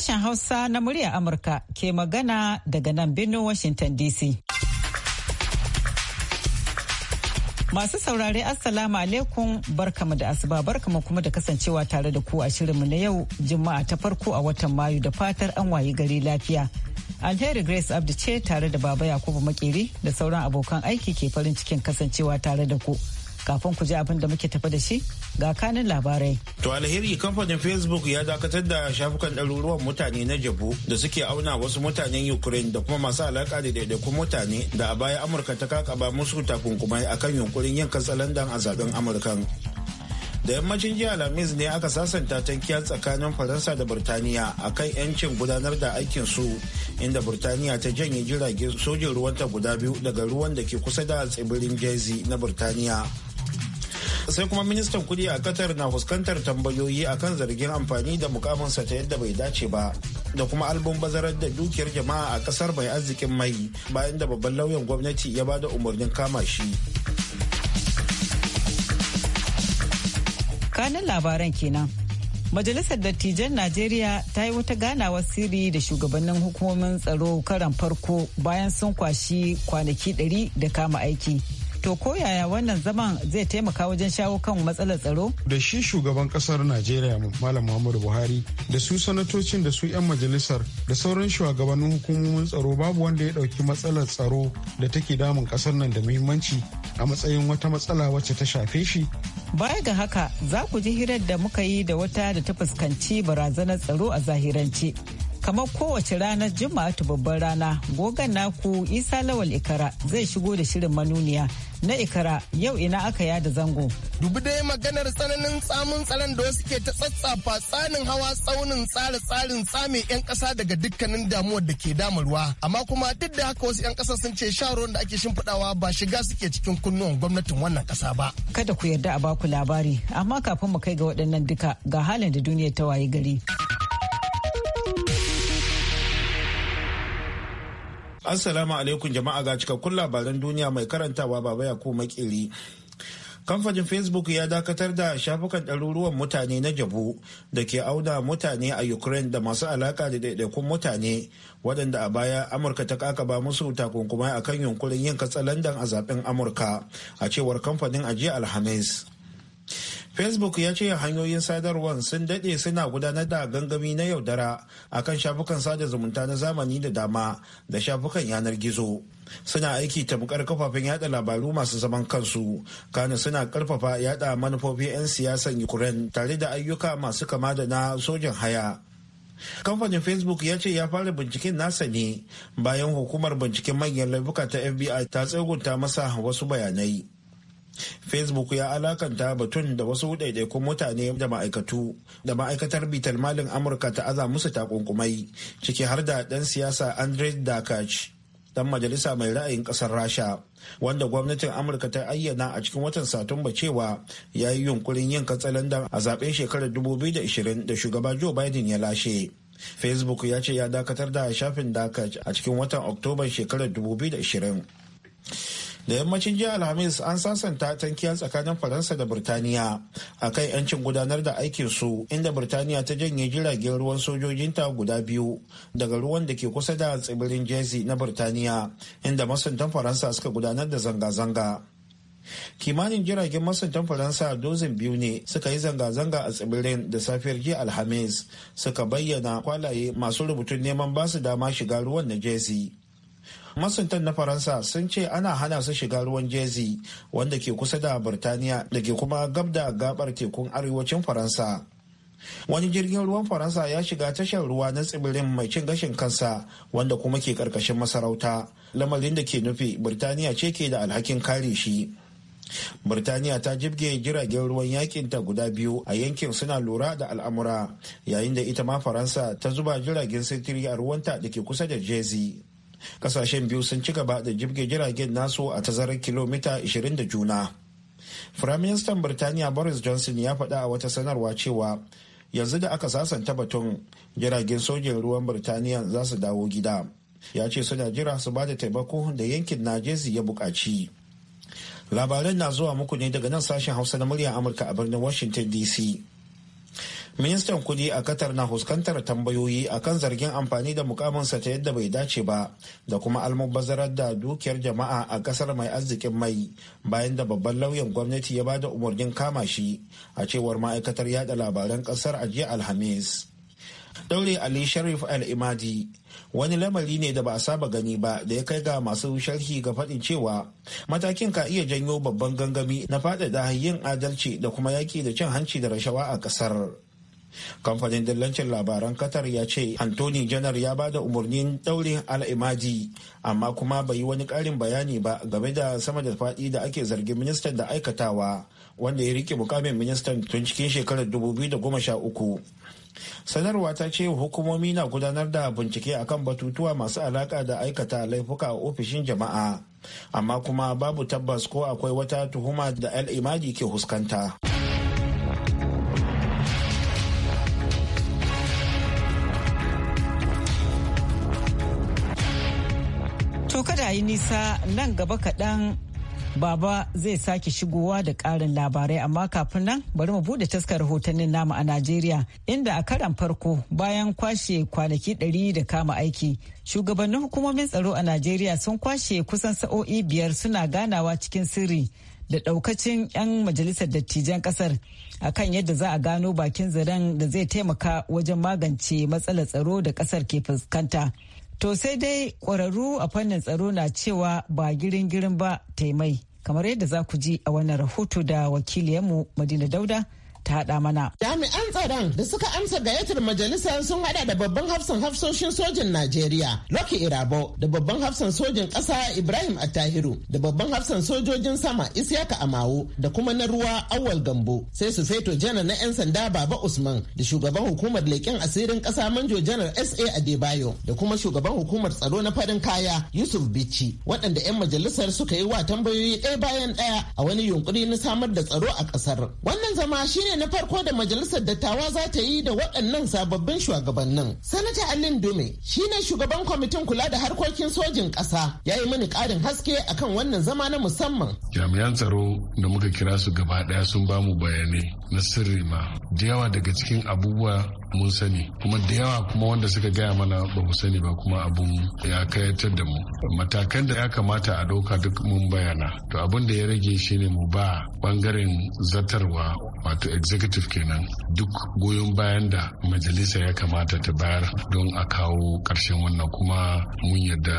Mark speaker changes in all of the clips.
Speaker 1: Sashen Hausa na muryar Amurka ke magana daga nan birnin Washington DC. Masu saurare Assalamu alaikum barkamu da asuba barkamu kuma da kasancewa tare da ku a shirinmu na yau Juma'a ta farko a watan Mayu da fatar an wayi gari lafiya. Alheri Grace Abdi ce tare da Baba Yakubu Makeri da sauran abokan aiki ke farin cikin kasancewa tare da ku. kafin ku ji abin da muke tafi da shi ga kanin labarai.
Speaker 2: To alheri kamfanin Facebook ya dakatar da shafukan ɗaruruwan mutane na jabu da suke auna wasu mutanen Ukraine da kuma masu alaka da daidaikun mutane da a baya Amurka ta kakaba musu takunkumai akan yunkurin yin katsalandan a zaben Amurkan. Da yammacin jiya Lamis ne aka sasanta tankiya tsakanin Faransa da Burtaniya kan 'yancin gudanar da aikin su inda Burtaniya ta janye jiragen sojin ruwanta guda biyu daga ruwan da ke kusa da tsibirin Jersey na Burtaniya. sai kuma ministan kudi a qatar na fuskantar tambayoyi a kan zargin amfani da mukaminsa ta yadda bai dace ba da kuma albun bazarar da dukiyar jama'a a kasar mai arzikin mai bayan da babban lauyan gwamnati ya bada umarnin kama shi
Speaker 1: kanin labaran kenan Majalisar Dattijan Najeriya ta yi wata ganawa sirri da shugabannin hukumomin tsaro karan farko bayan sun kwashi kwanaki 100 da kama aiki. To ko yaya wannan zaman zai taimaka wajen shawo kan matsalar tsaro? Da shi shugaban kasar Najeriya Malam
Speaker 3: Muhammadu Buhari da su sanatocin da su 'yan majalisar da sauran shugabannin hukumomin tsaro babu wanda ya ɗauki matsalar tsaro da take damun kasar nan da muhimmanci a matsayin wata
Speaker 1: matsala wacce ta shafe shi. Baya ga haka za ku ji hirar da muka yi da wata da ta fuskanci barazanar tsaro a zahirance. kamar kowace ranar ta babban rana gogan naku isa lawal ikara zai shigo da shirin manuniya na ikara yau ina aka yada zango
Speaker 4: dubu dai maganar tsananin tsamin tsaron da wasu ke ta tsatsafa tsanin hawa tsaunin tsare tsarin tsame yan kasa daga dukkanin damuwar da ke damarwa amma kuma duk da haka wasu yan kasa sun ce sharon da ake shimfiɗawa ba shiga suke cikin kunnuwan gwamnatin wannan kasa ba
Speaker 1: kada ku yarda a baku labari amma kafin mu kai ga waɗannan duka ga halin da duniya ta waye gari
Speaker 2: Assalamu alaikum jama'a ga cikakkun labaran duniya mai karantawa baba ya ko makeri. Kamfanin Facebook ya dakatar da shafukan ɗaruruwan mutane na jabu da ke auna mutane a Ukraine da masu alaka da ɗaiɗaikun mutane waɗanda a baya Amurka ta kaka kakaba musu takunkumai akan yunkurin yin katsalandan a zaɓen Amurka a cewar kamfanin ajiyar Alhamis. facebook ya ce hanyoyin sadarwar sun dade suna gudanar da gangami na yaudara akan shafukan sada zumunta na zamani da dama da shafukan yanar gizo suna aiki tamkar kafafen yada labaru masu zaman kansu kanu suna karfafa yada manufofi 'yan siyasan ukraine tare da ayyuka masu kama da na sojan haya kamfanin facebook ya ce ya fara binciken nasa ne bayan hukumar binciken manyan laifuka ta fbi ta tsegunta masa wasu bayanai facebook ya alakanta batun da wasu ɗaiɗaikun mutane da ma'aikatu da ma'aikatar bitar malin amurka ta aza musu takunkumai ciki har da ɗan siyasa andre dakach dan majalisa mai ra'ayin ƙasar rasha wanda gwamnatin amurka ta ayyana a cikin watan satumba cewa ya yi yunkurin yin katsalandan a zaben shekarar 2020 da shugaba joe biden ya lashe facebook ya ce ya dakatar da shafin dakach a cikin watan oktoba shekarar 2020 da yammacin jiya alhamis an sasanta tankiya tsakanin faransa da birtaniya a kan yancin gudanar da aikin su inda birtaniya ta janye jiragen ruwan sojojinta guda biyu daga ruwan da ke kusa da tsibirin jersey na birtaniya inda masuntan faransa suka gudanar da zanga-zanga kimanin jiragen masuntan faransa dozin biyu ne suka yi zanga-zanga a tsibirin da safiyar jiya alhamis suka bayyana kwalaye masu rubutun neman basu dama shiga ruwan na jersey masuntan na faransa sun ce ana hana su shiga ruwan jezi wanda ke kusa da birtaniya da ke kuma gab da gabar tekun arewacin faransa wani jirgin ruwan faransa ya shiga tashar ruwa na tsibirin mai cin gashin kansa wanda kuma ke karkashin masarauta lamarin da ke nufi birtaniya ce ke da alhakin kare shi Birtaniya ta jibge jiragen ruwan yakinta guda biyu a yankin suna lura da al'amura yayin da ita ma Faransa ta zuba jiragen sintiri a ruwanta da ke kusa da Jezi. kasashen biyu sun ci gaba da jibge jiragen nasu a tazarar kilomita 20 da juna firaministan birtaniya boris johnson ya faɗa a wata sanarwa cewa yanzu da aka sasanta batun jiragen sojin ruwan birtaniya za su dawo gida ya ce suna jira su ba da taimako da yankin najezi ya buƙaci labaran na zuwa muku ne daga nan sashen hausa na muryar amurka a birnin washington dc ministan kudi a qatar na huskantar tambayoyi akan zargin amfani da mukaminsa ta yadda bai dace ba da kuma almubazarar da dukiyar jama'a a kasar mai arzikin mai bayan da babban lauyan gwamnati ya bada umarnin kama shi a cewar ma'aikatar yada labaran kasar a jiya alhamis daure ali sharif al-imadi wani lamari ne da ba a saba gani ba da ya kai ga masu sharhi ga faɗin cewa matakin ka iya janyo babban gangami na faɗaɗa yin adalci da kuma yaki da cin hanci da rashawa a ƙasar. kamfanin dillancin labaran qatar ya ce anthony janar ya ba da umarnin ɗaurin al'imadi amma kuma bai yi wani karin bayani ba game da sama da faɗi da ake zargin ministan da aikatawa wanda ya rike mukamin ministan tun cikin shekarar 2013 sanarwa ta ce hukumomi na gudanar da bincike a kan batutuwa masu alaka da aikata laifuka a ofishin jama'a amma kuma babu tabbas ko akwai wata tuhuma da al'imadi ke huskanta.
Speaker 1: yi nisa nan gaba kaɗan baba zai sake shigowa da ƙarin labarai amma kafin nan bari mu bude taskar rahotannin namu a najeriya inda a karan farko bayan kwashe kwanaki ɗari da kama aiki shugabannin hukumomin tsaro a najeriya sun kwashe kusan sa'o'i biyar suna ganawa cikin sirri da ɗaukacin 'yan majalisar dattijan ƙasar akan yadda za a gano bakin zaren da zai taimaka wajen magance matsalar tsaro da ƙasar ke fuskanta. To sai dai ƙwararru a fannin tsaro na cewa ba girin girin ba taimai kamar yadda za ku ji a wannan
Speaker 5: rahoto da wakiliyarmu Madina Dauda ta haɗa mana. Jami'an tsaron da suka amsa gayyatar majalisar sun haɗa da babban hafsan hafsoshin sojin Najeriya Lucky Irabo da babban hafsan sojin ƙasa Ibrahim Attahiru da babban hafsan sojojin sama Isiyaka Amawo da kuma na ruwa Awal Gambo sai su feto janar na 'yan sanda Baba Usman da shugaban hukumar leƙen asirin ƙasa Manjo janar SA Adebayo da kuma shugaban hukumar tsaro na farin kaya Yusuf Bichi waɗanda 'yan majalisar suka yi wa tambayoyi ɗaya bayan ɗaya a wani yunkuri na samar da tsaro a ƙasar. Wannan zama shine ne na farko da majalisar dattawa za ta yi da waɗannan sababbin shugabannin. Sanata Alin Dume shi ne shugaban kwamitin kula da harkokin sojin ƙasa ya yi mini ƙarin haske akan wannan zama na musamman.
Speaker 6: Jami'an tsaro da muka kira su gaba ɗaya sun ba mu bayanai na sirri ma da yawa daga cikin abubuwa mun sani kuma da yawa kuma wanda suka gaya mana ba mu sani ba kuma abun ya kayatar da mu matakan da ya kamata a ɗauka duk mun bayana to abin da ya rage shine mu ba ɓangaren zatarwa wato executive kenan duk goyon bayan da majalisa ya kamata ta bayar don a kawo ƙarshen wannan kuma mun yarda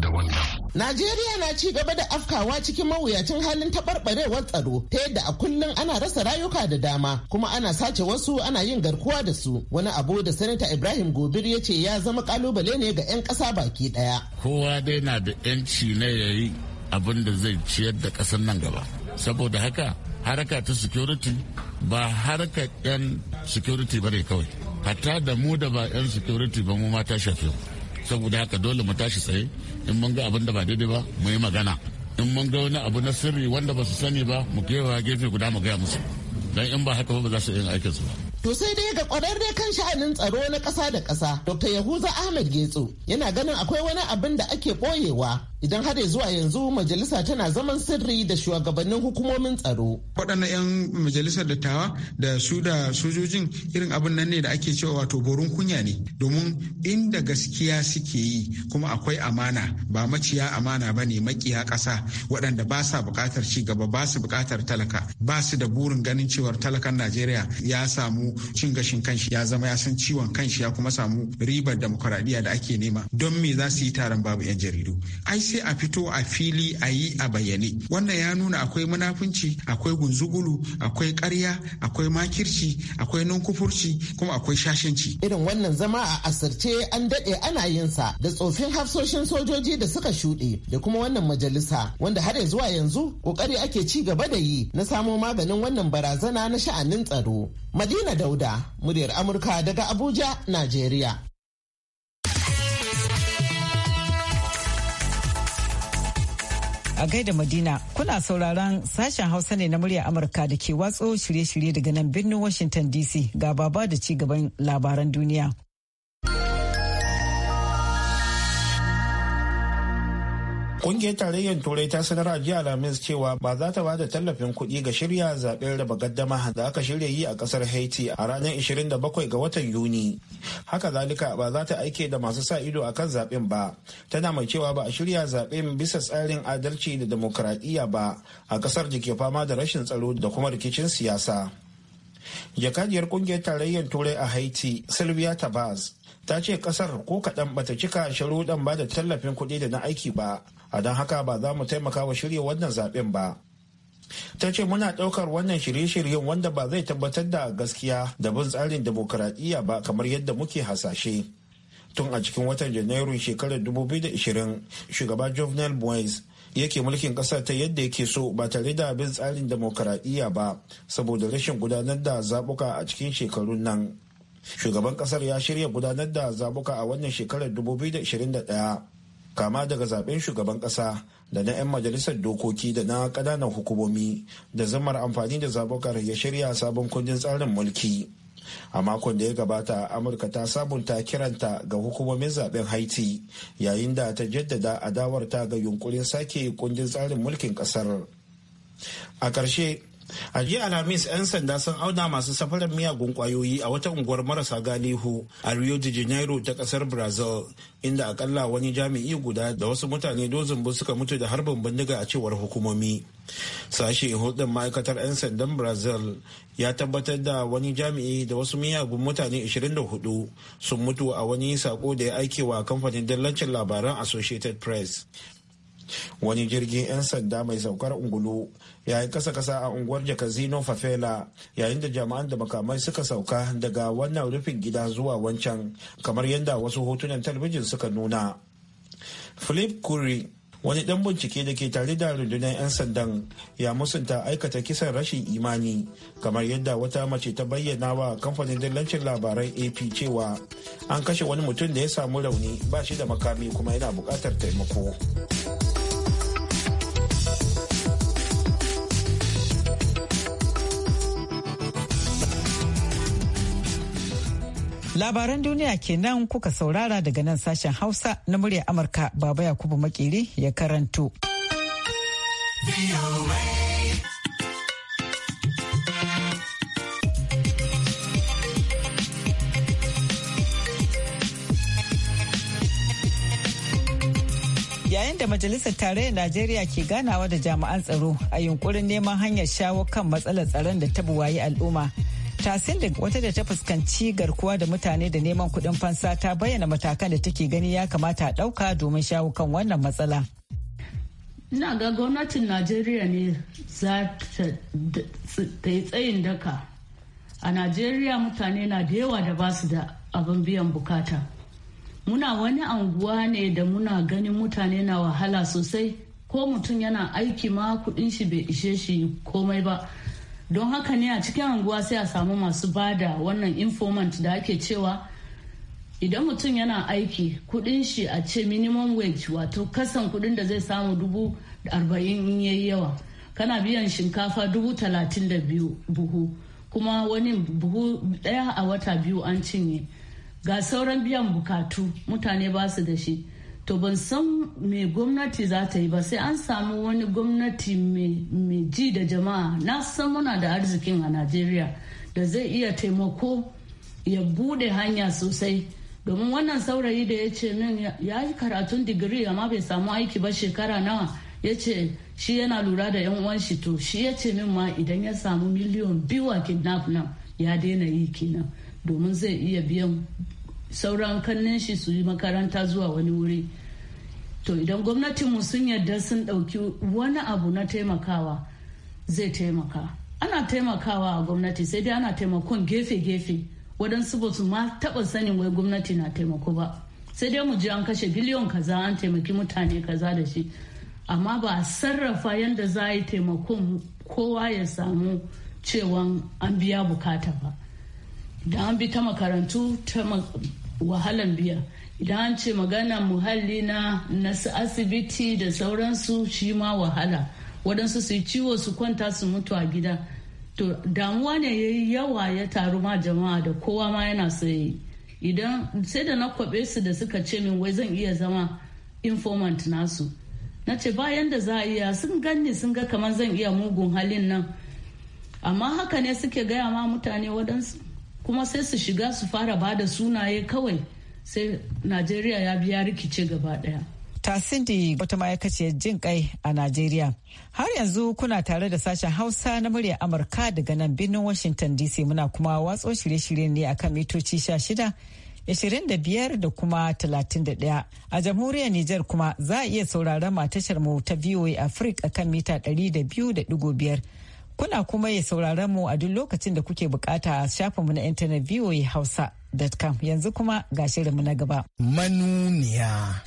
Speaker 6: da wannan.
Speaker 5: Najeriya na ci gaba da afkawa cikin mawuyacin halin taɓarɓarewar tsaro ta yadda a kullum ana rasa rayuka da dama kuma ana sace wasu ana yin garkuwa da su wani abu da sanata Ibrahim Gobir ya ce ya zama kalubale ne ga 'yan ƙasa baki ɗaya.
Speaker 7: Kowa dai na da 'yanci na yayi abin da zai ciyar da ƙasar nan gaba. saboda haka haraka ta security ba haraka 'yan security ba ne kawai hatta da mu da ba 'yan security ba mu ma shafe saboda haka dole mu tashi tsaye in mun ga abin da ba daidai ba mu yi magana in mun ga wani abu na sirri wanda ba su sani ba mu kewa gefe guda mu gaya musu dan in ba haka ba za su yin aikinsu ba
Speaker 5: To sai dai ga kwararre kan sha'anin tsaro na ƙasa da ƙasa, Dr. Yahuza Ahmed Getso yana ganin akwai wani abin da ake ɓoyewa idan har zuwa yanzu majalisa tana zaman sirri da shugabannin hukumomin tsaro.
Speaker 3: waɗannan 'yan majalisar dattawa da su da sojojin irin abin nan ne da ake cewa wato borun kunya ne domin inda gaskiya suke yi kuma akwai amana ba maciya amana ba ne makiya ƙasa waɗanda ba sa buƙatar ci gaba ba su buƙatar talaka ba su da burin ganin cewar talakan najeriya ya samu cin gashin kanshi ya zama ya san ciwon kanshi ya kuma samu ribar demokuraɗiyya da ake nema don me za su yi taron babu 'yan jaridu. IC sai a fito a fili a yi a bayyane wannan ya nuna akwai munafunci akwai gunzugulu akwai karya akwai makirci akwai nunkufurci kuma akwai
Speaker 5: shashanci irin wannan zama a asirce an daɗe ana yin sa da tsofin hafsoshin sojoji da suka shuɗe da kuma wannan majalisa wanda har zuwa yanzu ƙoƙari ake ci gaba da yi na samo maganin wannan barazana na sha'anin tsaro madina dauda muryar amurka daga abuja najeriya
Speaker 1: a gaida Madina kuna sauraron sashen Hausa ne na murya Amurka da ke watso shirye-shirye daga nan birnin Washington DC ga baba da ci gaban
Speaker 2: labaran duniya. Kungiyar tarayyar Turai ta sanar a jiya Alhamis cewa ba za ta bada tallafin kuɗi ga shirya zaɓen raba gaddama da aka shirya yi a ƙasar Haiti a ranar 27 ga watan Yuni. Haka zalika ba za ta aike da masu sa ido akan zaɓen ba. Tana mai cewa ba a shirya zaɓen bisa tsarin adalci da demokuraɗiyya ba a ƙasar da ke fama da rashin tsaro da kuma rikicin siyasa. Jakadiyar kungiyar tarayyar Turai a Haiti, Sylvia Tabaz, ta ce kasar ko kaɗan ta cika sharuɗan ba da tallafin kuɗi da na aiki ba a don haka ba za mu taimaka wa shirya wannan zaɓen ba ta ce muna ɗaukar wannan shirye-shiryen wanda ba zai tabbatar da gaskiya da bin tsarin demokuraɗiyya ba kamar yadda muke hasashe tun a cikin watan janairun shekarar 2020 shugaba jovenel boys yake mulkin ƙasar ta yadda yake so ba tare da bin tsarin demokuraɗiyya ba saboda rashin gudanar da zaɓuka a cikin shekarun nan shugaban kasar ya shirya gudanar da zabuka a wannan shekarar 2021 kama daga zaben shugaban kasa da na 'yan majalisar dokoki da na kananan hukumomi da zamar amfani da zabukar ya shirya sabon kundin tsarin mulki a makon da ya gabata amurka ta sabunta kiranta ga hukumomin zaben haiti yayin da ta jaddada adawarta ga yunkurin sake kundin tsarin mulkin kasar a ƙarshe a jiya alhamis 'yan sanda sun auna masu safarar miyagun kwayoyi a wata unguwar marasa galihu a rio de janeiro ta kasar brazil inda akalla wani jami'i guda da wasu mutane dozin bu suka mutu da harbin bindiga a cewar hukumomi sashe hudun ma'aikatar 'yan sandan brazil ya tabbatar da wani jami'i da wasu miyagun mutane 24 sun mutu a wani sako da ya aike wa kamfanin dallacin labaran associated press wani jirgin 'yan sanda mai saukar ungulu yayin kasa-kasa a unguwar jakazino fafela yayin da jama'an da makamai suka sauka daga wannan rufin gida zuwa wancan kamar yadda wasu hotunan talabijin suka nuna philip curry wani dan bincike da ke tare da rundunar 'yan sandan ya musunta aikata kisan rashin imani kamar yadda wata mace ta bayyana wa kamfanin dillancin labaran ap cewa an kashe wani mutum da ya samu rauni ba shi da makami kuma yana buƙatar taimako.
Speaker 1: Labaran duniya kenan kuka saurara daga nan sashen Hausa na murya Amurka Baba Yakubu Maƙeri ya karanto. yayin da majalisar tarayyar najeriya ke ganawa da jami'an tsaro a yunkurin neman hanyar shawo kan matsalar tsaron da ta buwayi al'umma Tasin wata da ta fuskanci garkuwa da mutane da neman kuɗin fansa ta bayyana matakan da take gani ya kamata a ɗauka domin shawo kan wannan matsala.
Speaker 8: Ina ga gwamnatin Najeriya ne za ta yi tsayin daka. A Najeriya mutane na da yawa da ba su da abin biyan bukata. Muna wani anguwa ne da muna ganin mutane na wahala sosai ko mutum yana aiki ma kuɗin shi bai ishe shi komai ba. don haka ne a cikin anguwa sai a samu masu bada wannan informant da ake cewa idan mutum yana aiki kudin shi a ce minimum wage wato kasan kudin da zai samu dubu arba'in in yayi yawa kana biyan shinkafa dubu talatin da biyu buhu kuma wani buhu daya a wata biyu an cinye ga sauran biyan bukatu mutane ba su da shi to ban san me gwamnati za ta yi ba sai an samu wani gwamnati mai ji da jama'a na san muna da arzikin a najeriya da zai iya taimako ya bude hanya sosai domin wannan saurayi da ya ce min ya yi karatun digiri amma bai samu aiki ba shekara nawa ya ce shi yana lura da yan uwan shi to shi ya ce min ma idan ya samu miliyon biyu a kidnap nan ya daina yi kenan domin zai iya biyan sauran kannin shi su yi makaranta zuwa wani wuri to idan gwamnatinmu sun yarda sun ɗauki wani abu na taimakawa zai taimaka ana taimakawa a gwamnati sai dai ana taimakon gefe-gefe waɗansu ba su ma taɓa sanin wai gwamnati na taimako ba sai dai mu ji an kashe biliyon kaza an taimaki mutane kaza da shi amma ba a sarrafa yadda za a yi taimakon kowa ya samu cewan an biya bukata ba da an bi ta makarantu wahalan biya idan an ce magana muhalli na nasu asibiti da sauransu shi ma wahala waɗansu su yi ciwo su kwanta su mutu a gida to damuwa ne ya yi yawa ya taru ma jama'a da kowa ma yana so idan sai da na kwaɓe su da suka ce min wai zan iya zama informant nasu na ce bayan da za a iya sun ganni sun ga kamar zan iya mugun halin nan amma haka ne suke gaya ma mutane waɗansu kuma sai su shiga su fara ba da sunaye kawai sai najeriya ya biya rikice gaba daya tasindi
Speaker 1: wata ma'aikaciyar jin kai a najeriya har yanzu kuna tare da sashen hausa na murya amurka daga nan birnin washington dc muna kuma watso shirye-shirye ne akan mitoci sha shida ishirin da biyar da kuma talatin da daya a jamhuriyar Nijar kuma za a iya sauraron matashar mu ta VOA Africa akan mita ɗari da da biyu biyar. Kuna kuma ya sauraron mu a duk lokacin da kuke bukata a shafinmu na intanet voahausa.com yanzu kuma ga shirinmu na gaba. Manuniya.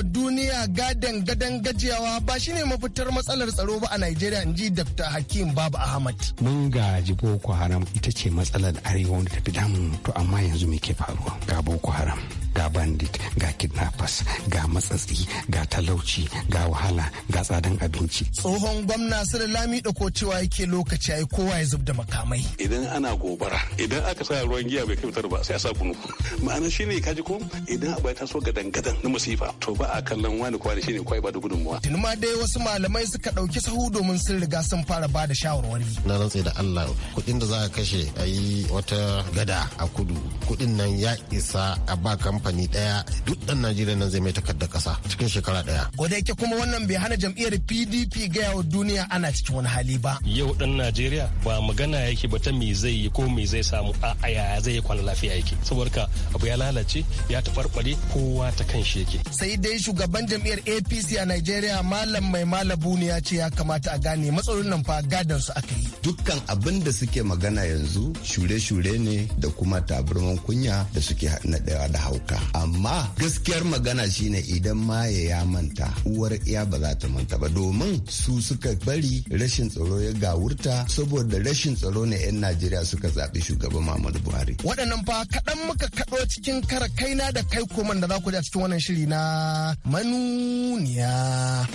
Speaker 4: wa duniya gadan gadan gajiyawa ba shine mafitar matsalar tsaro ba a Najeriya in ji Dr. Hakim Babu Ahmad. Mun gaji Boko Haram ita ce matsalar arewa wanda tafi damun to amma yanzu me ke faruwa ga Boko
Speaker 3: Haram. ga bandit ga kidnappers ga matsatsi ga talauci ga wahala
Speaker 6: ga tsadan abinci
Speaker 4: tsohon gwamna sir lami da ko cewa yake lokaci ai kowa ya zub da
Speaker 6: makamai idan ana gobara idan aka sa ruwan giya bai kai ba sai a sa kunu ma'ana shine kaji ko idan abai taso gadan gadan na musifa. to ba a kallon wani kwani shine kwai ba da gudunmuwa tun
Speaker 4: ma dai wasu malamai suka dauki sahu domin sun riga sun fara ba da shawarwari
Speaker 6: na rantse da Allah
Speaker 9: kuɗin da za a kashe a yi wata gada a kudu kuɗin nan ya isa a ba kamfani kamfani daya duk dan najeriya nan zai mai takardar kasa cikin shekara daya
Speaker 4: ko da yake kuma wannan bai hana jam'iyyar pdp gaya wa duniya ana cikin wani hali ba
Speaker 9: yau dan najeriya ba magana
Speaker 10: yake ba ta me zai yi ko me zai samu a yaya zai yi kwana lafiya yake saboda abu ya lalace ya tafarkwale kowa ta kan shi yake
Speaker 4: sai dai shugaban jam'iyyar apc a najeriya malam mai malabu ne ya ce ya kamata a gane matsalolin nan fa gadan su aka yi dukkan abin da
Speaker 7: suke magana yanzu shure-shure ne da kuma taburman kunya da suke naɗewa da hauka amma gaskiyar magana shine idan maye ya manta uwar iya ba za ta manta ba domin su suka bari rashin tsaro ya gawurta saboda rashin tsaro ne 'yan najeriya suka zaɓi shugaban muhammadu buhari
Speaker 4: waɗannan fa kaɗan muka kaɗo cikin kara kaina da kai koman da za ku ji cikin wannan shiri na manuniya.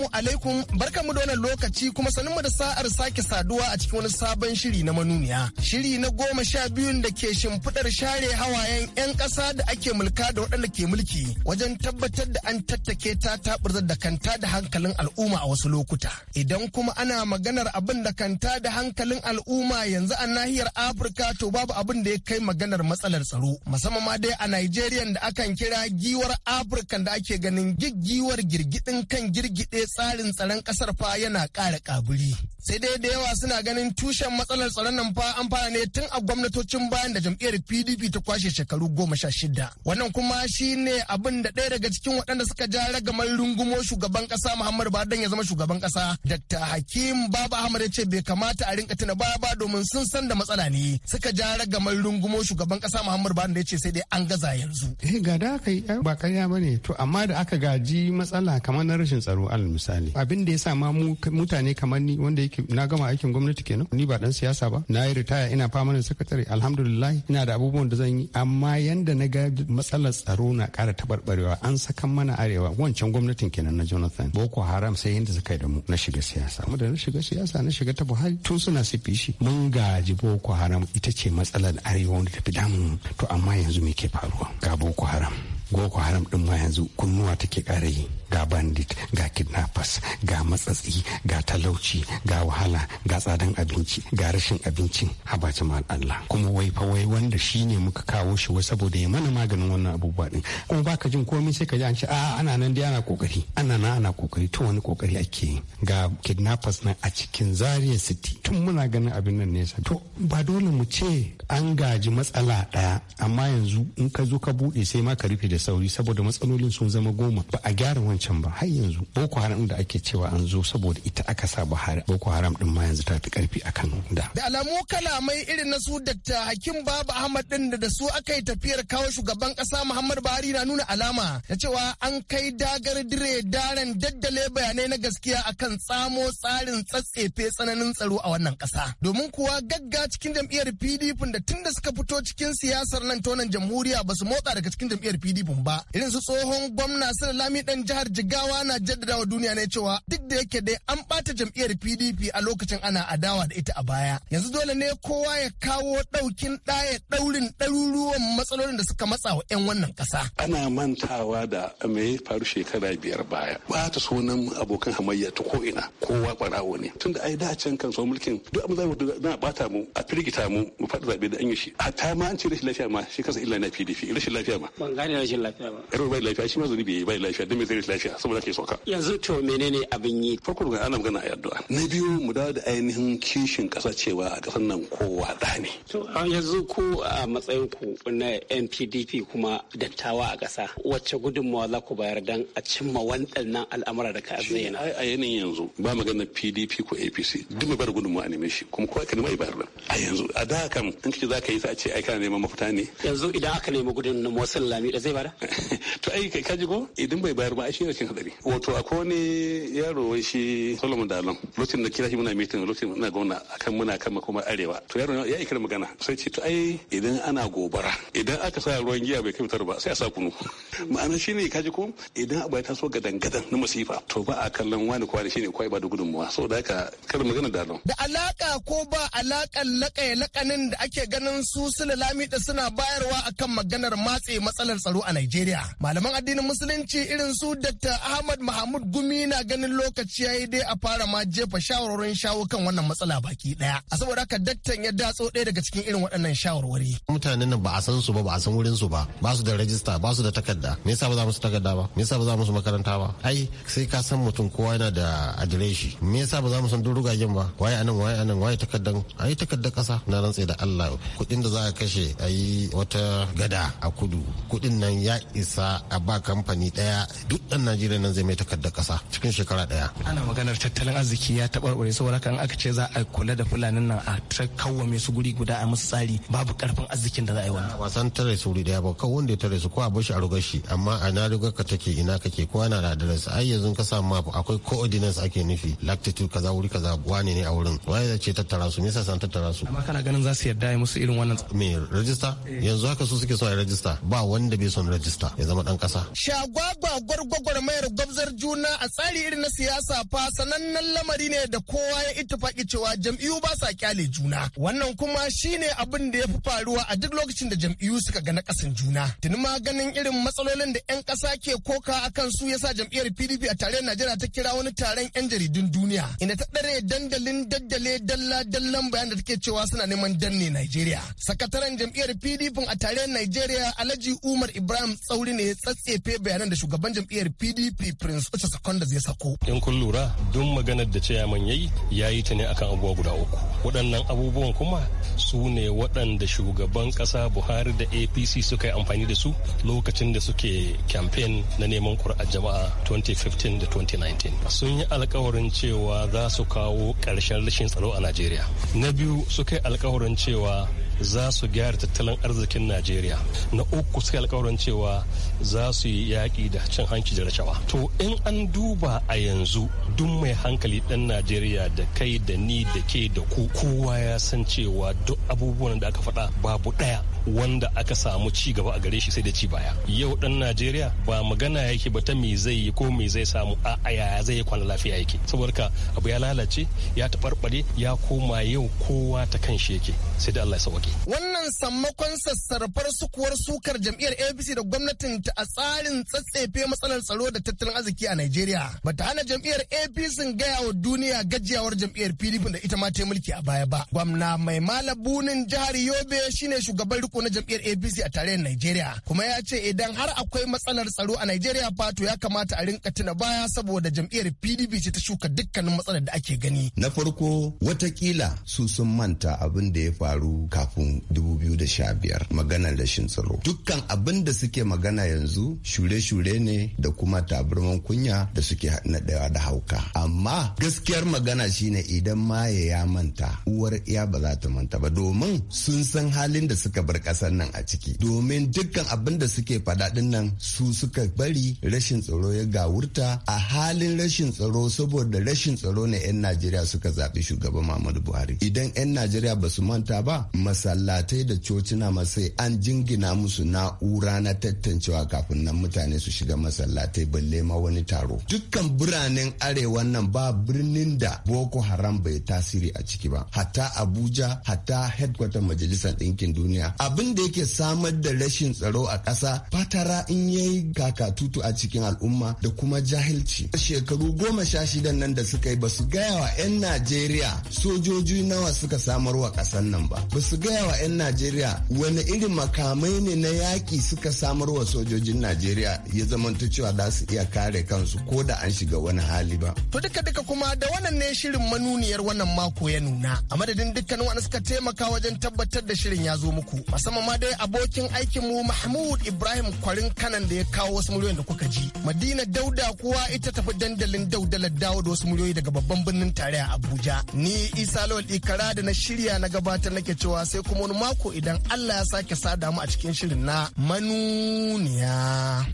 Speaker 4: Assalamu alaikum barkamu da wannan lokaci kuma sanin mu da sa'ar sake saduwa a cikin wani sabon shiri na manuniya. Shiri na goma sha biyun da ke shimfiɗar share hawayen 'yan ƙasa da ake mulka da waɗanda ke mulki wajen tabbatar da an tattake ta taɓurzar da kanta da hankalin al'umma a wasu lokuta. Idan kuma ana maganar abin da kanta da hankalin al'umma yanzu a nahiyar Afirka to babu abin da ya kai maganar matsalar tsaro musamman ma dai a Nigeria da akan kira giwar Afirka da ake ganin giggiwar girgiɗin kan girgiɗe tsarin tsaron ƙasar fa yana ƙara ƙaburi. sai dai da yawa suna ganin tushen matsalar tsaron nan fa an fara ne tun a gwamnatocin bayan da jam'iyyar pdp ta kwashe shekaru goma sha shida wannan kuma shi ne abin da ɗaya daga cikin waɗanda suka ja ragamar rungumo shugaban kasa muhammadu badan ya zama shugaban ƙasa dr hakim baba ahmad ya ce bai kamata a rinka tuna baya ba domin sun san da matsala ne suka ja ragamar rungumo shugaban ƙasa muhammadu badan ya ce sai dai an gaza yanzu.
Speaker 3: eh ga da aka yi ba karya ba to amma da aka gaji matsala kamar na rashin tsaro alal misali abin da ya sa ma mutane kamar ni wanda aiki na gama aikin gwamnati kenan ni ba dan siyasa ba na yi ritaya ina famanin sakatare alhamdulillah ina da abubuwan da zan yi amma yanda na ga matsalar tsaro na kara tabarbarewa an sakan mana arewa wancan gwamnatin kenan na Jonathan Boko Haram sai yanda suka yi da mu na shiga siyasa mu da na shiga siyasa na shiga ta Buhari tun suna sifi shi mun gaji Boko Haram ita ce matsalar arewa wanda tafi damu to amma yanzu me ke faruwa ga Boko Haram Boko Haram din ma yanzu kunnuwa take ƙara yi ga bandit ga kidnappers ga matsatsi ga talauci ga wahala ga tsadan abinci ga rashin abincin haba ma Allah kuma wai fa wai wanda shine muka kawo shi wai saboda ya mana maganin wannan abubuwa din kuma baka jin komai sai ka ji an ce a ana nan dai ana kokari ana nan ana kokari to wani kokari ake yi ga kidnappers na a cikin Zaria City tun muna ganin abin nan nesa to ba dole mu ce an gaji matsala daya amma yanzu in ka zo ka bude sai ma ka rufe da sauri saboda matsalolin sun zama goma ba a gyara wani wancan ba har yanzu boko haram da ake cewa an zo saboda ita aka sa buhari boko haram din ma yanzu ta fi karfi
Speaker 4: Kano da da alamu kalamai irin na su dakta hakim babu ahmad din da su aka yi tafiyar kawo shugaban kasa muhammadu buhari na nuna alama na cewa an kai dagar dire daren daddale bayanai na gaskiya akan tsamo tsarin tsatsefe tsananin tsaro a wannan kasa domin kuwa gagga cikin jam'iyyar pdp da tun da suka fito cikin siyasar nan tonan jamhuriya ba su motsa daga cikin jam'iyyar pdp ba irin su tsohon gwamna sir lami dan jihar jigawa na jaddadawa duniya ne cewa duk da yake dai an bata jam'iyyar pdp a lokacin ana adawa da ita a baya yanzu dole ne kowa ya kawo daukin daya daurin ɗaruruwan matsalolin da suka matsa wa 'yan wannan
Speaker 6: kasa. ana mantawa da me ya faru shekara biyar baya ba ta sunan abokan hamayya ta ko ina kowa barawo ne tunda ai can kan so mulkin duk abin da na bata mu a firgita mu mu fada zabe da an yi shi hatta ma an ce rashin lafiya ma shi kansa illa na pdp rashin lafiya ma ban gane rashin lafiya ba bai lafiya shi ma zunubi bai lafiya dan me zai rashin lafiya lafiya saboda ke soka yanzu to menene abin yi farko ga ana magana a addu'a na biyu mu dawo da ainihin kishin kasa cewa a kasan nan kowa da ne to yanzu ku a matsayin ku na NPDP kuma dattawa a kasa wacce gudunmawa za ku bayar dan a cimma waɗannan al'amura da ka zayyana a yanin yanzu ba magana PDP ko APC duk mu bar gudunmawa ne shi kuma kowa ka nema bayar a yanzu a da kam in kace za ka yi sa a ce ai kana neman mafita ne yanzu idan aka nemi gudunmawa sallami da zai bada to ai ka ji ko idan bai bayar ba ai daina cin hadari wato akwai wani yaro wai shi solomon dalon lokacin da kira shi muna mitin lokacin muna gona akan muna kan makomar arewa to yaro ya kira magana sai ce to ai idan ana gobara idan aka sa ruwan giya bai kai fitar ba sai a sa kunu ma'ana shi ne kaji ko idan abu ya taso gadan gadan na masifa. to ba a kallon wani shi ne kwai ba da gudunmuwa saboda haka kar magana dalon
Speaker 5: da
Speaker 4: alaka ko ba alakan lakaye lakanin da ake ganin su suna lamida suna bayarwa akan maganar matse matsalar tsaro a Najeriya malaman addinin musulunci irin su da Dr. Ahmad Mahmud Gumi na ganin lokaci ya yi dai a fara ma jefa shawarwarin shawo kan wannan matsala baki daya. A saboda haka daktan ya datso ɗaya daga cikin irin waɗannan shawarwari.
Speaker 9: Mutanen nan ba a san su ba ba a san wurin su ba ba su da rajista ba su da takarda me yasa ba za musu takarda ba me yasa ba za musu makaranta ba ai sai ka san mutum kowa yana da adireshi me yasa ba za mu san durugagen ba waye anan waye anan waye takardan ai takardar kasa na rantse da Allah kuɗin da za a kashe ayi wata gada a kudu kuɗin nan ya isa a ba kamfani daya duk kan najeriya nan zai mai takardar kasa cikin shekara daya
Speaker 4: ana maganar tattalin arziki ya taɓarɓare saboda kan aka ce za a kula da fulanin nan a kawo mai su guri guda a musu tsari babu karfin arzikin da za a yi wannan
Speaker 9: wasan tare su wuri daya ba kawai wanda ya tare su ko a bashi a rugar shi amma a na rugar ka take ina kake ko ana da adres ai yanzu ka samu map akwai coordinates ake nufi latitude kaza wuri kaza wani ne a wurin waye da ce tattara su me yasa san tattara su amma kana ganin za su yarda musu irin wannan me rajista yanzu haka su suke son a rajista ba wanda bai son rajista ya zama dan kasa
Speaker 4: shagwagwa gwargwagwa gwagwarmayar gwabzar juna a tsari irin na siyasa fa sanannen lamari ne da kowa ya ittifaki cewa jam'iyyu ba sa kyale juna wannan kuma shine abin da ya fi faruwa a duk lokacin da jam'iyyu suka ga nakasin juna tuni ma ganin irin matsalolin da 'yan kasa ke koka akan su yasa jam'iyyar pdp a tarayyar najeriya ta kira wani taron 'yan jaridun duniya inda ta dare dandalin daddale dalla dallan bayan da take cewa suna neman danne najeriya sakataren jam'iyyar pdp a tarayyar najeriya alhaji umar ibrahim tsauri ne ya tsatsefe bayanan da shugaban jam'iyyar pdp prince Ocha Sakonda zai sako
Speaker 10: in kun lura duk maganar da ciyaman yayi ya yi ta ne akan abubuwa guda uku waɗannan abubuwan kuma su ne waɗanda shugaban ƙasa buhari da apc suka yi amfani da su lokacin da suke campaign na neman kur'ar jama'a 2015 da 2019 sun yi alkawarin cewa za su kawo ƙarshen rashin tsaro a najeriya na biyu suka yi alkawarin cewa za su gyara tattalin arzikin najeriya na uku suka yi alkawarin cewa za su yi yaƙi da cin hanci da cewa. to in an duba a yanzu duk mai hankali ɗan najeriya da kai da ni da ke da ku kowa ya san cewa duk abubuwan da aka faɗa babu ɗaya wanda aka samu ci gaba a gare shi sai da ci baya yau dan najeriya ba magana yake ba ta me zai yi ko me zai samu a yaya zai yi kwana lafiya yake saboda ka abu ya lalace ya taɓarɓare ya koma yau kowa ta kan shi yake sai da allah ya sauke
Speaker 4: wannan sammakon sassarfar sukuwar sukar jam'iyyar apc da gwamnatin ta a tsarin tsatsefe matsalar tsaro da tattalin arziki a najeriya Ba ta hana jam'iyyar apc gaya wa duniya gajiyawar jam'iyyar pdp da ita ma ta mulki a baya ba gwamna mai malabunin jihar yobe shine shugaban iko na jam'iyyar APC a tarayyar Najeriya kuma ya ce idan har akwai matsalar tsaro a Najeriya fa to ya kamata a rinka tuna baya saboda jam'iyyar PDP ce ta shuka dukkanin matsalar da ake gani.
Speaker 7: Na farko watakila su sun manta abin da ya faru kafin 2015 maganar rashin tsaro. Dukkan abin da suke magana yanzu shure-shure ne da kuma taburman kunya da suke naɗawa da hauka. Amma gaskiyar magana shine idan maye ya manta uwar iya ba za ta manta ba domin sun san halin da suka bar kasar nan a ciki domin dukkan abin da suke faɗa din nan su suka bari rashin tsaro ya gawurta a halin rashin tsaro saboda rashin tsaro ne 'yan najeriya suka zaɓi shugaban muhammadu buhari idan 'yan najeriya ba su manta ba masallatai da cocina masai an jingina musu na'ura na tattancewa kafin nan mutane su shiga masallatai balle ma wani taro dukkan biranen arewa nan ba birnin da boko haram bai tasiri a ciki ba hatta abuja hatta headquarter majalisar ɗinkin duniya a abin da yake samar da rashin tsaro a ƙasa fatara in yayi kakatutu a cikin al'umma da kuma jahilci A shekaru goma sha shidan nan da suka yi ba su gaya wa 'yan najeriya sojoji nawa suka samar wa ƙasar nan ba ba su gaya wa 'yan najeriya wani irin makamai ne na yaƙi suka samar wa sojojin najeriya ya zamanta cewa za su iya kare kansu ko da an shiga wani hali ba
Speaker 4: to duka duka kuma da wannan ne shirin manuniyar wannan mako ya nuna a madadin dukkanin wanda suka taimaka wajen tabbatar da shirin ya zo muku Sama ma dai abokin aikin mu Mahmud Ibrahim Kwarin Kanan da ya kawo wasu miliyoyin da kuka ji. Madina Dauda kuwa ita tafi dandalin daudalar dawo da wasu miliyoyi daga babban birnin tarayya Abuja. Ni Isa Lawal Ikara da na shirya na gabatar nake cewa sai kuma wani mako idan Allah ya sake sada mu a cikin shirin
Speaker 5: na manuniya.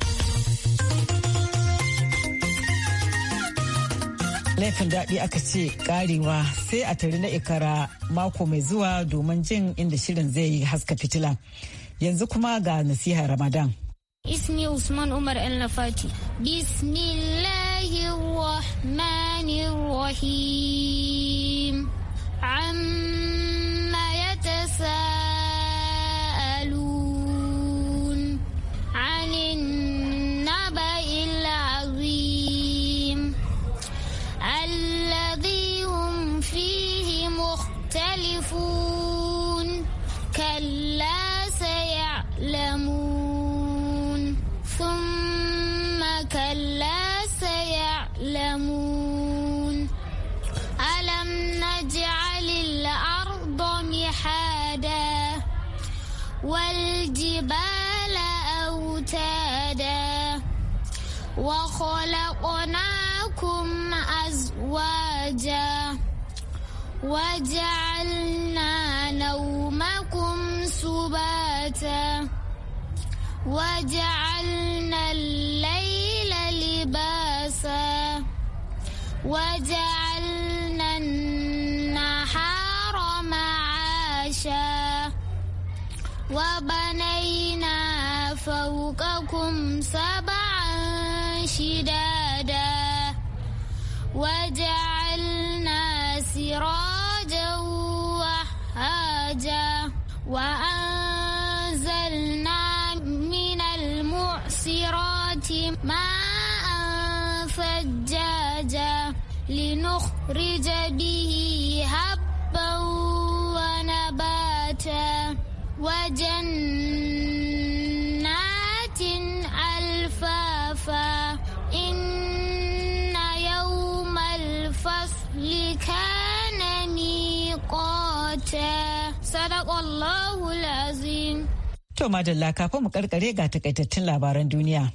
Speaker 5: laifin daɗi aka ce karewa sai a tare na ikara
Speaker 1: mako mai zuwa domin jin inda shirin zai yi haska fitila yanzu kuma ga nasiha ramadan
Speaker 11: ismi usman umar el nafati bismillahirrahmanirrahim وجعلنا الليل لباسا وجعلنا النهار معاشا وبنينا فوقكم سبعا شدادا وجعلنا سراجا وهاجا وأن nukhrija bihi habban wa nabata wa jannatin alfafa inna yawmal fasli kana miqata
Speaker 1: sadaqallahu alazim to madalla kafin mu ƙarƙare ga taƙaitattun labaran duniya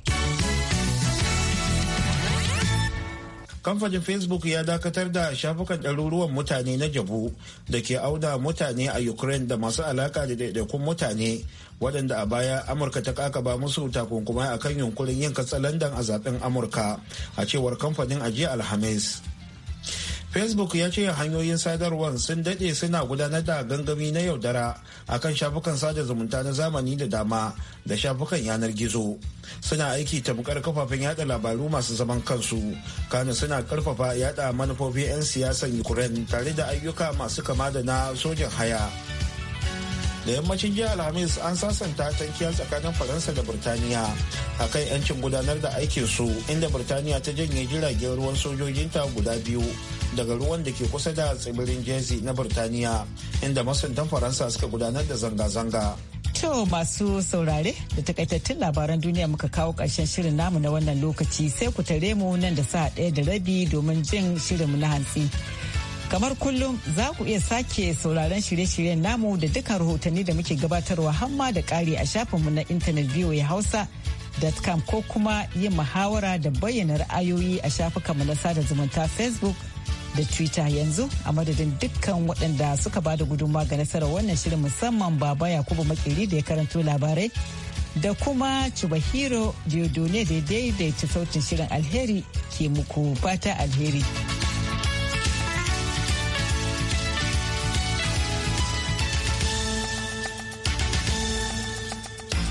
Speaker 2: kamfanin facebook ya dakatar da shafukan ɗaruruwan mutane na jabu da ke auna mutane a ukraine da masu alaka da daidaikun mutane waɗanda a baya amurka ta kaka ba musu takunkumai a kan yunkurin yin katsalandan a zaben amurka a cewar kamfanin ajiyar alhamis facebook ya ce hanyoyin sadarwar sun dade suna gudanar da gangami na yaudara a kan shafukan sada zumunta na zamani da dama da shafukan yanar gizo suna aiki tamkar kafafen yada labaru masu zaman kansu kano suna karfafa yada manufofin 'yan siyasan ukraine tare da ayyuka masu kama da na sojin haya da yammacin jiya alhamis an sasanta tankiya tsakanin faransa da birtaniya a kan yancin gudanar da aikin su inda birtaniya ta janye jiragen ruwan sojojinta guda biyu daga ruwan da ke kusa da tsibirin jersey na birtaniya inda masuntan faransa suka gudanar da zanga-zanga
Speaker 1: To masu saurare da takaitattun labaran duniya muka kawo karshen shirin namu na wannan lokaci sai ku tare mu nan da sa ɗaya da rabi domin jin shirinmu na hantsi. Kamar kullum za ku iya sake sauraron shirye-shiryen namu da dukkan rahotanni da muke gabatarwa hamma da ƙari a shafinmu na intanet ya Hausa. com ko kuma yin muhawara da bayyana ra'ayoyi a shafukan na sada zumunta Facebook da Twitter yanzu a madadin dukkan waɗanda suka ba da gudunmawa ga nasarar wannan shirin musamman Baba Yakubu Makeri da ya karanto labarai da kuma Chubahiro daidai da daidaita sautin shirin alheri ke muku fata alheri.